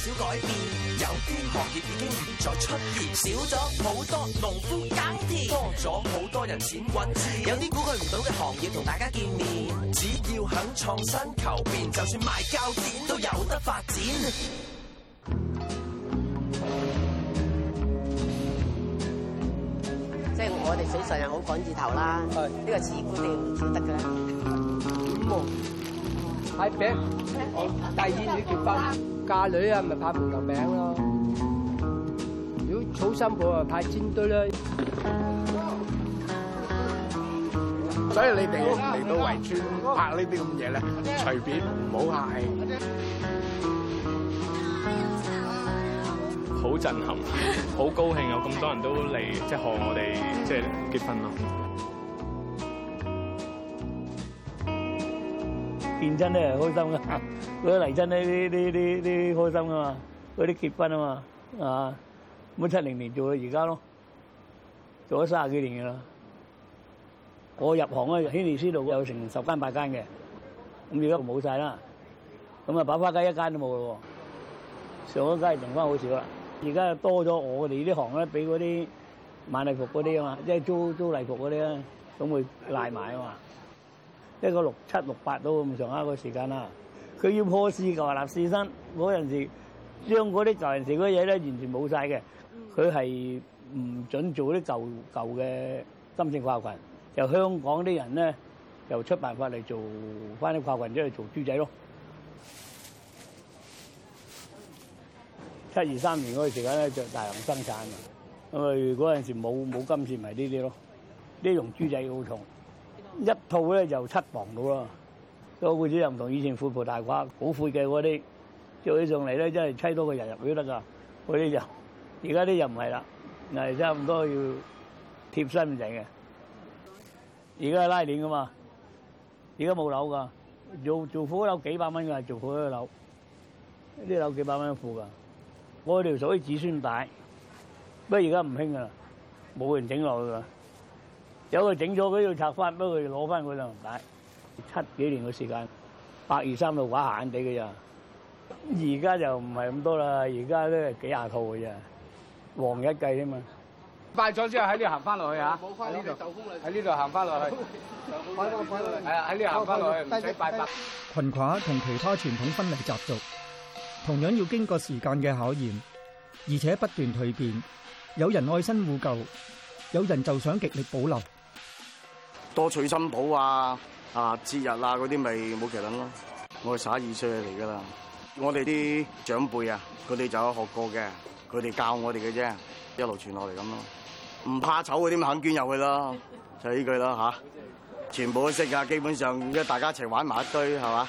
少改變，有啲行業已經唔再出現，少咗好多農夫耕田，多咗好多人錢滾錢。有啲估佢唔到嘅行業同大家見面，只要肯創新求變，就算賣膠剪都有得發展。即係我哋水上人好趕住頭啦，呢是個持股定唔少得嘅。咁喎、嗯，喺、哎、餅，大、哦、二女結婚。 嫁女啊，咪拍門頭餅咯；如果娶新婦啊，派煎堆咧。所以你哋嚟到圍村拍呢啲咁嘢咧，隨便唔好客氣。好震撼，好高興，有咁多人都嚟，即係賀我哋即係結婚咯。見真咧係開心噶，嗰啲嚟親咧啲啲啲啲開心噶嘛，嗰啲結婚啊嘛，啊，咁七零年做到，而家咯，做咗卅幾年嘅啦。我入行咧，喺軒尼詩道有成十間八間嘅，咁而家冇晒啦。咁啊，百花街一間都冇咯喎，上一間剩翻好少啦。而家多咗我哋呢行咧，俾嗰啲晚禮服嗰啲啊嘛，即係租租禮服嗰啲啦，咁會賴埋啊嘛。一個六七六八都咁上下個時間啦，佢要破四舊嘅話，立四新，嗰陣時將嗰啲舊陣時嗰啲嘢咧完全冇晒嘅，佢係唔準做啲舊舊嘅金線褂裙，由香港啲人咧又出辦法嚟做翻啲褂裙，即去做豬仔咯。七二三年嗰個時間咧就大量生產了，因為嗰陣時冇冇金線，咪呢啲咯，呢種豬仔好重。一套咧就七房到啦，個褲主任又唔同以前富婆大褂好寬嘅嗰啲，做起上嚟咧真係砌多個人入去都得噶，嗰啲就，就而家啲又唔係啦，係差唔多要貼身整嘅，而家係拉鏈噶嘛，而家冇樓噶，做做火樓幾百蚊噶，做火嘅樓，啲樓幾百蚊一副噶，我條就屬於子孫帶，不過而家唔興噶啦，冇人整落去啦。有佢整咗佢要拆翻，俾佢攞翻佢就唔大七幾年嘅時間，百二三套畫閒閒地嘅咋，而家就唔係咁多啦。而家都係幾廿套嘅咋，黃一計添嘛，拜咗之後喺呢度行翻落去啊！喺呢度行翻落去，喺呢度行翻落去，拜拜。裙褂同其他傳統婚禮習俗同樣要經過時間嘅考驗，而且不斷蛻變。有人愛新護舊，有人就想極力保留。多取新抱啊！啊，節日啊嗰啲咪冇奇能咯。我十二歲嚟噶啦，我哋啲長輩啊，佢哋就有學過嘅，佢哋教我哋嘅啫，一路傳落嚟咁咯。唔怕醜嗰啲咪肯捐入去咯， 就係呢句囉。啊、 全部都識噶，基本上一大家一齊玩埋一堆係嘛。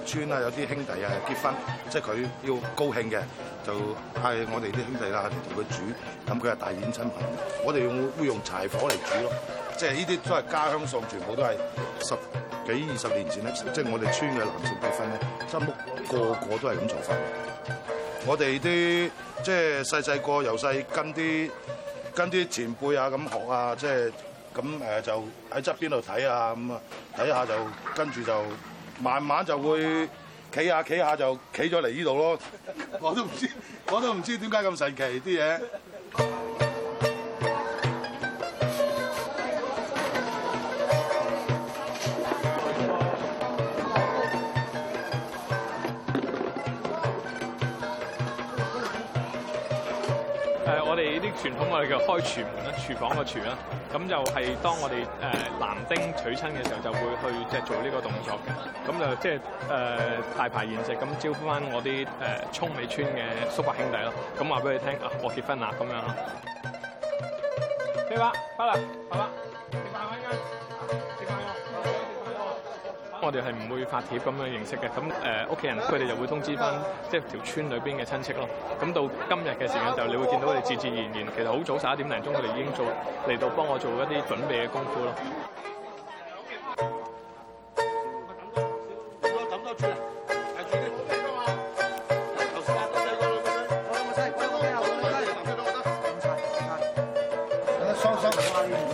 村啊，有啲兄弟啊結婚，即係佢要高興嘅，就嗌我哋啲兄弟啦，嚟同佢煮。咁佢係大宴親朋友，我哋用會用柴火嚟煮咯。即係呢啲都係家鄉餸，全部都係十幾二十年前咧，即係我哋村嘅男性結婚咧，真屋個個,個都係咁做法。我哋啲即係細細個由細跟啲跟啲前輩啊咁學啊，即係咁誒就喺側邊度睇啊咁啊，睇下就跟住就。慢慢就會企下企下就企咗嚟呢度咯，我都唔知，我都唔知點解咁神奇啲嘢。傳統我哋叫開廚門啦，廚房個廚啦，咁就係當我哋誒男丁娶親嘅時候，就會去、即係、做呢個動作嘅，咁就即係誒大排筵席，咁招呼翻我啲誒涌尾村嘅叔伯兄弟咯，咁話俾你聽啊，我結婚啦咁樣。係嘛，翻 嚟樂，好嘛。我哋係唔會發帖咁樣形式嘅，咁誒屋企人佢哋就會通知翻，即係條村裏邊嘅親戚咯。咁到今日嘅時間就，你會見到佢哋自自然然，其實好早十一點零鐘，佢哋已經做嚟到幫我做一啲準備嘅功夫咯。Alley.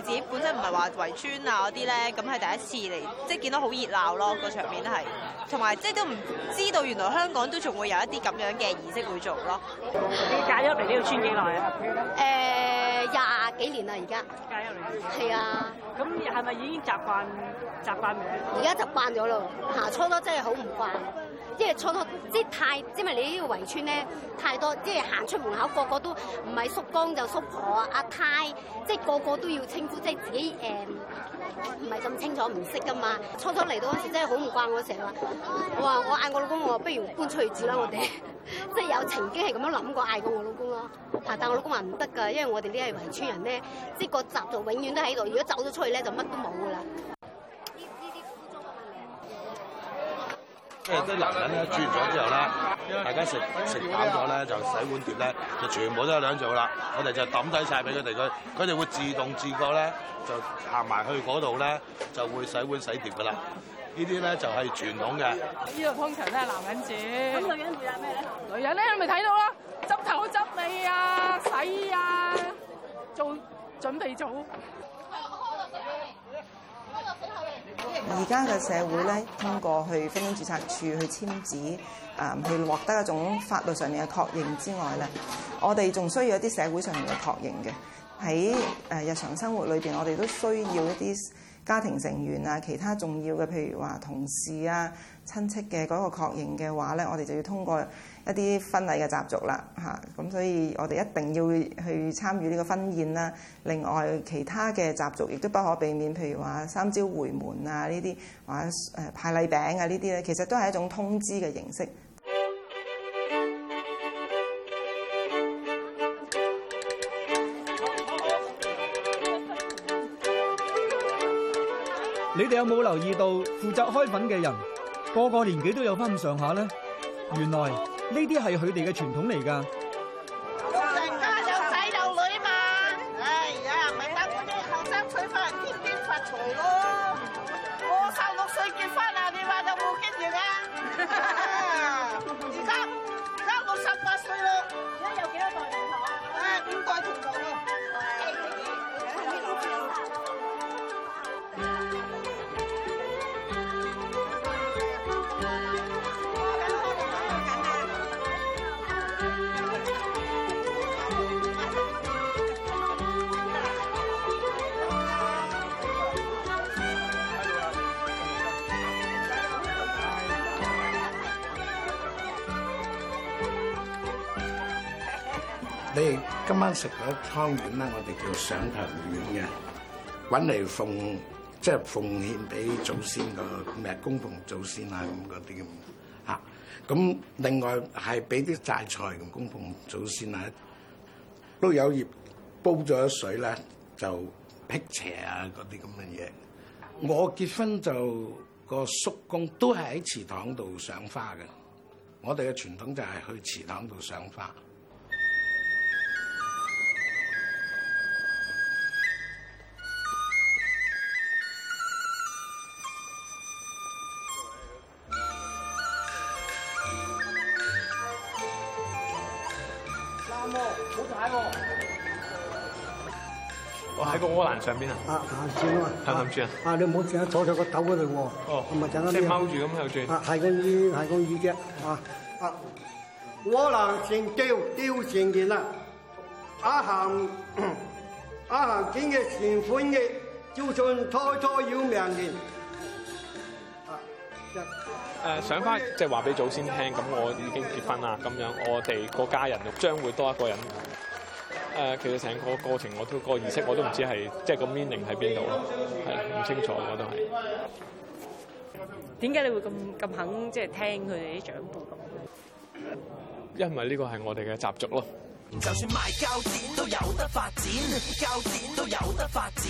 自己本身唔係話圍村啊嗰啲咧，咁係第一次嚟，即係見到好熱鬧咯，個場面係，同埋即係都唔知道原來香港都仲會有一啲咁樣嘅儀式會做咯。你嫁咗嚟呢度村幾耐啊？誒，廿幾年啦，而家。嫁咗嚟。係啊。咁係咪已經習慣習慣未啊？而家習慣咗咯，下初都真係好唔慣。即係初初，即係太，因為你呢個圍村咧太多，即係行出門口個個都唔係叔公就叔婆，阿太，即係個個都要稱呼，即係自己誒唔係咁清楚唔識㗎嘛。初初嚟到嗰時真係好唔慣我，我成日話，我話我嗌我老公，我不如搬出去住啦，我哋，即係有曾經係咁樣諗過嗌過我老公啦。嚇，但我老公話唔得㗎，因為我哋呢係圍村人咧，即係個習俗永遠都喺度，如果走咗出去咧就乜都冇㗎啦。即係啲男人咧煮完咗之後咧，大家食食飽咗咧，就洗碗碟咧，就全部都有兩做啦。我哋就抌低曬俾佢哋佢，佢哋會自動自覺咧，就行埋去嗰度咧，就會洗碗洗碟噶啦。呢啲咧就係傳統嘅。呢個通常都係男人煮。咁女人做咩咧？女人咧，你咪睇到啦，執頭執尾啊，洗啊，做準備做。而家嘅社會咧，通過去婚姻註冊處去簽紙，啊、嗯，去獲得一種法律上面嘅確認之外咧，我哋仲需要一啲社會上面嘅確認嘅。喺日常生活裏面，我哋都需要一啲。家庭成員啊，其他重要嘅，譬如話同事啊、親戚嘅嗰個確認嘅話咧，我哋就要通過一啲婚禮嘅習俗啦，吓，咁所以我哋一定要去參與呢個婚宴啦。另外其他嘅習俗亦都不可避免，譬如話三朝回門啊呢啲，或者誒派禮餅啊呢啲咧，其實都係一種通知嘅形式。你哋有冇留意到負責開粉嘅人個個年紀都有翻咁上下咧？原來呢啲係佢哋嘅傳統嚟噶。老人家有仔有女嘛，哎呀，咪等嗰啲後生娶翻嚟，天天發財咯！我十六歲結婚啊，你話有冇經驗啊？ 所以今晚食咗湯圓咧，我哋叫上頭圓嘅，揾嚟奉，即係奉獻俾祖先個咩公奉祖先啊，咁嗰啲咁嚇。咁另外係俾啲齋菜同公奉祖先啊，都有葉煲咗水咧，就辟邪啊嗰啲咁嘅嘢。我結婚就個叔公都係喺祠堂度上花嘅，我哋嘅傳統就係去祠堂度上花。喺個窩籃上邊啊！啊，橫、啊、轉眼啊嘛，橫橫轉啊，啊！啊，你唔好坐坐個頭嗰度喎。哦，唔係踎住咁喺度轉。啊，係嗰啲係嗰羽絨。啊啊，窩籃成丟，丟成件啦。阿行，阿行今嘅前款嘅，就算拖拖要命嘅。啊，誒、啊，上返即係話俾祖先聽，咁、啊、我已經結婚啦，咁樣、啊、樣我哋個家人就將會多一個人。呃、其實成個過程我都，個儀式我都唔知係即係個 meaning 喺邊度咯，係唔清楚的我都係。點解你會咁咁肯即係聽佢哋啲長輩講？因為呢個係我哋嘅習俗咯。就算賣鉸剪都有得發展啊，鉸剪都有得發展。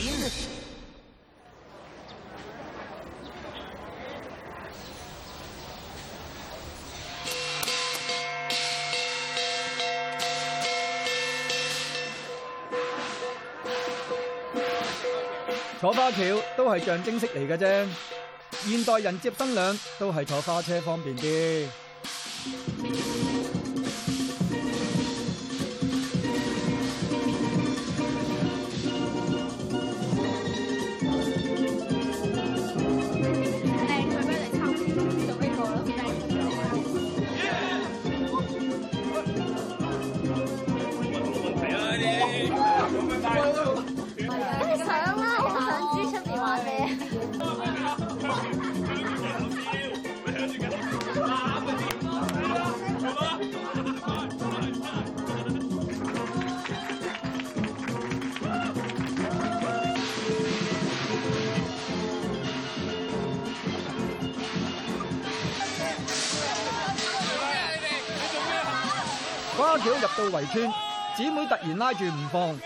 火花橋都係象徵式嚟嘅啫，現代人接新娘都係坐花車方便啲。到圍村，姊妹突然拉住唔放，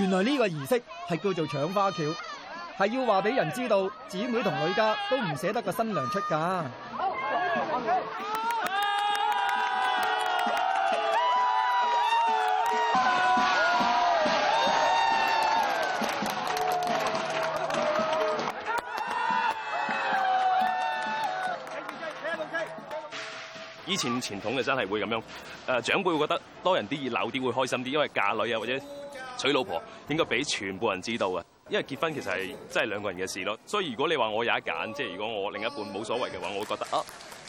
原來呢個儀式係叫做搶花轎，係要話俾人知道姊妹同女家都唔捨得個新娘出嫁。以前傳統嘅真係會咁樣，誒、啊，長輩會覺得。多人啲熱鬧啲會開心啲，因為嫁女啊或者娶老婆應該俾全部人知道啊。因為結婚其實係真係兩個人嘅事咯，所以如果你話我有一揀，即係如果我另一半冇所謂嘅話，我會覺得啊，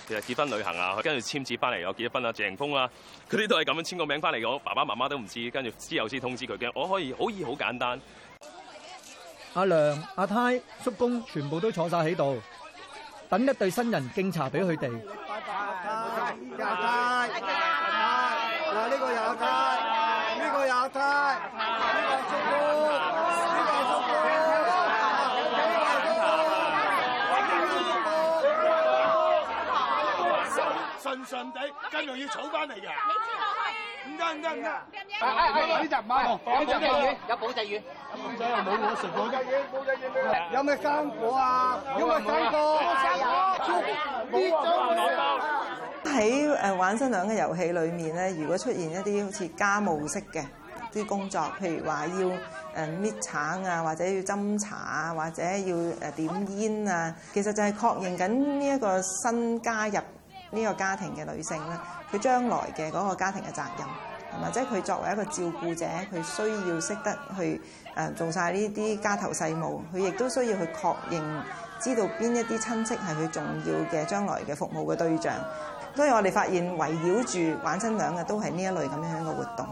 其實結婚旅行啊，跟住簽字翻嚟我結咗婚啦、啊，謝霆鋒啦，佢啲都係咁樣簽個名翻嚟，我爸爸媽媽都唔知，跟住之後先通知佢嘅。我可以好易好簡單，阿梁、阿太、叔公全部都坐晒喺度，等一對新人敬茶俾佢哋。順地，跟住要儲翻嚟㗎。你跌落去，唔得唔得唔得！呢集唔啱，呢集嘅魚有保濟魚，咁樣又冇嘢食喎。冇嘢，冇嘢，冇嘢。有咩生果啊？有咩生果？生果，搣橙唔得。喺誒玩新娘嘅遊戲裏面咧，如果出現一啲好似家務式嘅啲工作，譬如話要誒搣橙啊，或者要斟茶啊，或者要誒點煙啊，其實就係確認緊呢一個新加入。呢個家庭嘅女性咧，佢將來嘅嗰個家庭嘅責任，係嘛？即係佢作為一個照顧者，佢需要識得去誒、呃、做晒呢啲家頭細務，佢亦都需要去確認知道邊一啲親戚係佢重要嘅將來嘅服務嘅對象。所以我哋發現，圍繞住玩新娘嘅都係呢一類咁樣嘅活動。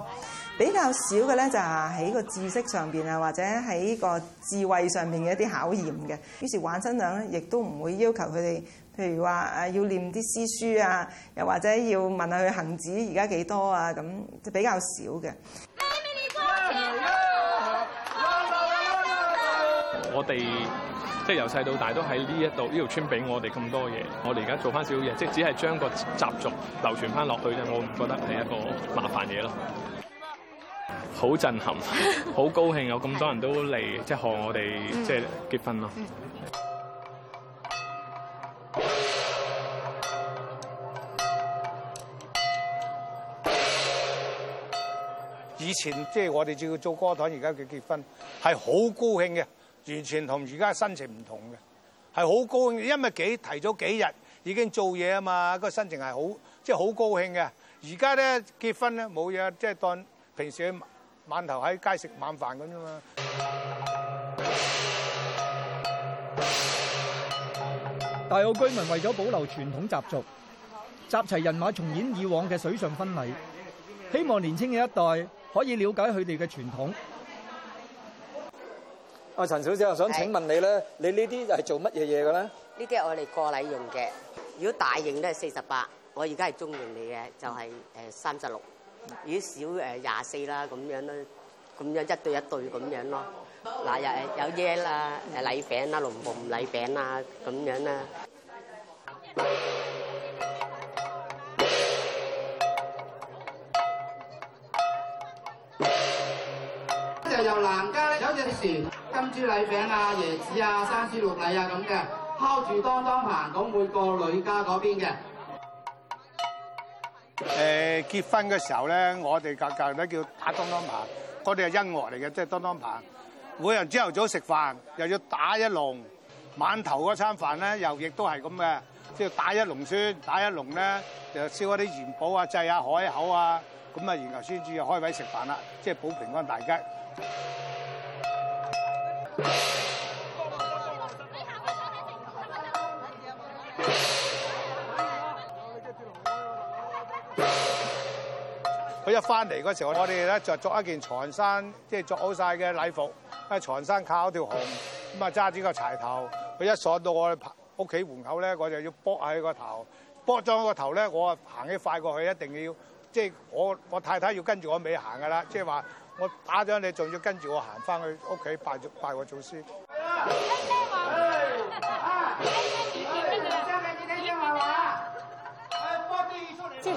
比較少嘅咧，就係喺個知識上邊啊，或者喺個智慧上面嘅一啲考驗嘅。於是玩新娘咧，亦都唔會要求佢哋，譬如話誒要念啲詩書啊，又或者要問下佢恆指而家幾多啊，咁比較少嘅。我哋即係由細到大都喺呢一度呢條村俾我哋咁多嘢，我哋而家做翻少少嘢，即係只係將個習俗流傳翻落去啫。我唔覺得係一個麻煩嘢咯。好震撼，好高興有咁多人都嚟，即係賀我哋即係結婚咯。以前即係、就是、我哋要做歌台，而家嘅結婚係好高興嘅，完全同而家嘅心情唔同嘅，係好高興，因為提幾提早幾日已經做嘢啊嘛，那個心情係好即係好高興嘅。而家咧結婚咧冇嘢，即係、就是、當平時。晚頭喺街食晚飯咁啫嘛！大澳居民為咗保留傳統習俗，集齊人馬重演以往嘅水上婚禮，希望年輕嘅一代可以了解佢哋嘅傳統。阿陳小姐，我想請問你咧，你呢啲係做乜嘢嘢嘅咧？呢啲係我哋過禮用嘅。如果大型都係四十八，我而家係中型嚟嘅，就係誒三十六。如果少誒廿四啦，咁樣咯，咁樣一對一對咁樣咯。嗱，有有椰啦，禮餅啦，龍鳳禮餅啦，咁樣啦。就由男家有隻船，金豬禮餅啊，椰子啊，生豬碌禮啊咁嘅，敲住當當行，咁換過女家嗰邊嘅。誒結婚嘅時候咧，我哋格格都叫打當當棒，嗰啲係音樂嚟嘅，即係當當棒。每人朝頭早食飯，又要打一籠，晚頭嗰餐飯咧又亦都係咁嘅，即係打一籠先，打一籠咧又燒一啲元寶啊，祭下海口啊，咁啊然後先至開位食飯啦，即係保平安大吉。一翻嚟嗰時候，我哋咧就着一件長衫，即係着好晒嘅禮服，啊長衫靠一條紅，咁啊揸住個柴頭，佢一索到我屋企門口咧，我就要卜喺個頭，卜咗個頭咧，我行起快過去，一定要即係我我太太要跟住我尾行㗎啦，即係話我打咗你，仲要跟住我行翻去屋企拜拜我祖師。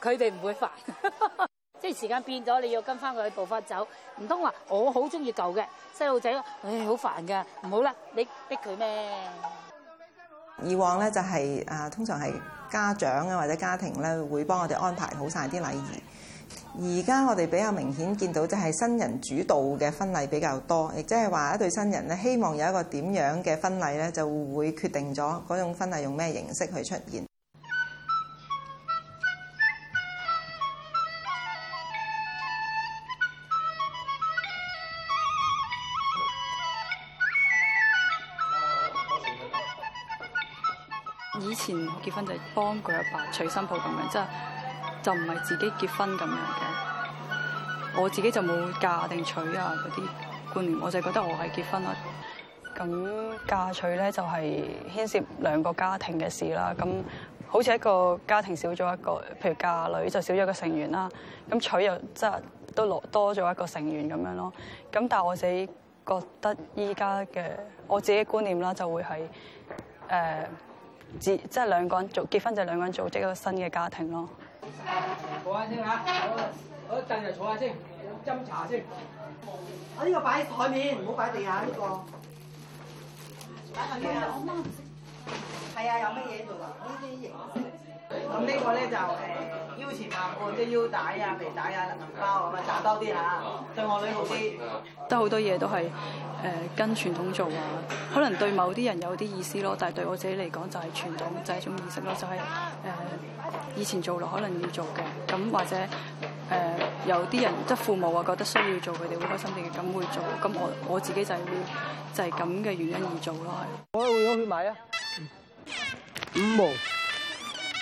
佢哋唔會煩， 即係時間變咗，你要跟翻佢步伐走。唔通話，我好中意舊嘅細路仔，誒好煩噶，唔好啦，你逼佢咩？以往咧就係啊，通常係家長啊或者家庭咧會幫我哋安排好晒啲禮儀，而家我哋比較明顯見到就係新人主導嘅婚禮比較多，亦即係話一對新人咧希望有一個點樣嘅婚禮咧，就會決定咗嗰種婚禮用咩形式去出現。幫佢阿爸娶新抱咁樣，即係就唔係自己結婚咁樣嘅。我自己就冇嫁定娶啊嗰啲觀念，我就覺得我係結婚啦。咁嫁娶咧就係、是、牽涉兩個家庭嘅事啦。咁好似一個家庭少咗一個，譬如嫁女就少咗個成員啦。咁娶又即係都落多咗一個成員咁樣咯。咁但係我自己覺得依家嘅我自己觀念啦，就會係誒。呃即係兩個人組結婚，就兩個人組織一個新嘅家庭咯。坐下先吓，我一陣就坐下先斟茶先。我呢個擺喺台面，唔好擺地下呢、這個。擺上邊啊？係啊，有乜嘢做啊？呢啲嘢。些咁呢個咧就誒、是、腰前放個即腰帶啊、皮帶啊、銀包啊，炸、啊啊、多啲嚇、啊，對我女好啲。得好多嘢都係、呃、跟傳統做啊，可能對某啲人有啲意思咯，但係對我自己嚟講就係傳統，就係、是、一種意識咯，就係、是呃、以前做落可能要做嘅，咁或者、呃、有啲人即父母話覺得需要做，佢哋好開心啲嘅，咁會做。咁我我自己就係、是、會就係咁嘅原因而做囉。係。我會咗去買啊，五毛。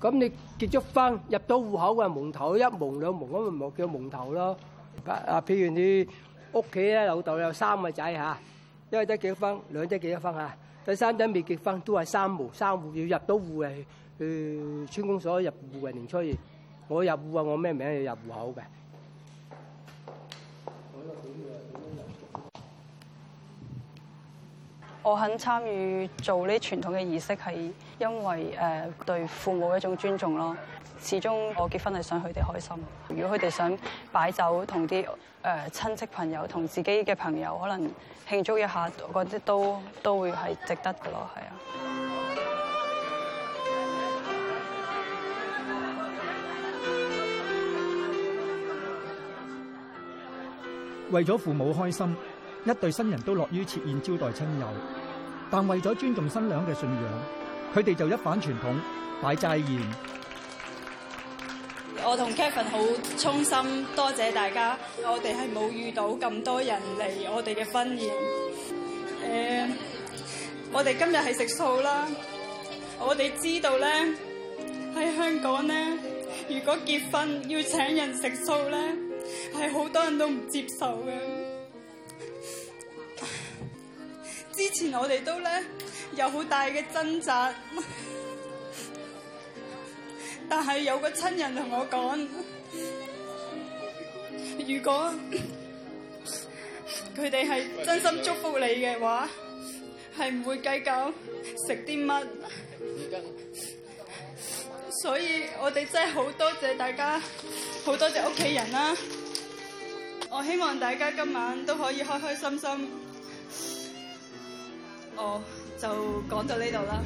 咁你結咗婚入到戶口嘅門頭一門兩門咁咪叫門頭咯。啊，譬如你屋企咧，老豆有三個仔嚇，一個得幾多分，兩仔得幾多分嚇，第三仔未結婚都係三毛三戶，要入到戶係去村公所入戶嘅年初二，我入戶啊，我咩名要入戶口嘅。我肯參與做呢啲傳統嘅儀式，係因為誒對父母一種尊重咯。始終我結婚係想佢哋開心，如果佢哋想擺酒同啲誒親戚朋友同自己嘅朋友，可能慶祝一下我覺得，嗰啲都都會係值得㗎咯，係啊。為咗父母開心。一對新人都樂於設宴招待親友，但為咗尊重新娘嘅信仰，佢哋就一反傳統，擺齋宴。我同 Kevin 好衷心多謝大家，我哋係冇遇到咁多人嚟我哋嘅婚宴。Uh，我哋今日係食素啦。我哋知道咧，喺香港咧，如果結婚要請人食素咧，係好多人都唔接受嘅。之前我哋都咧有好大嘅掙扎，但係有個親人同我講，如果佢哋係真心祝福你嘅話，係唔會計較食啲乜。所以我哋真係好多謝大家，好多謝屋企人啦。我希望大家今晚都可以開開心心。我就講到呢度啦。